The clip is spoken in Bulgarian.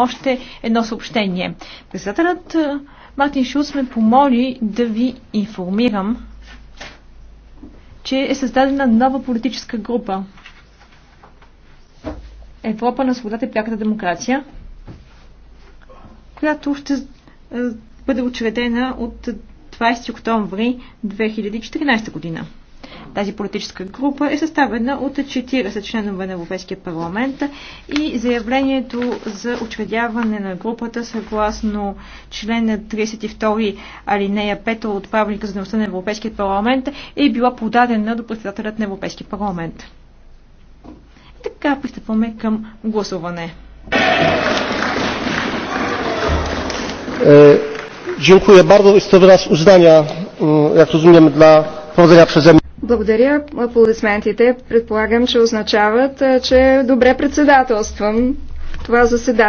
още едно съобщение. Председателят е, Мартин Шулц ме помоли да ви информирам, че е създадена нова политическа група. Европа на свободата и пряката демокрация, която ще е, бъде учредена от 20 октомври 2014 година. Тази политическа група е съставена от 40 членове на Европейския парламент и заявлението за учредяване на групата съгласно член 32 алинея 5 от правилника за дейността на Европейския парламент е била подадена до председателят на Европейския парламент. И така пристъпваме към гласуване. Dziękuję bardzo. Jest to wyraz uznania, jak rozumiemy, dla prowadzenia przeze mnie. Благодаря. Аплодисментите предполагам, че означават, че добре председателствам това заседание.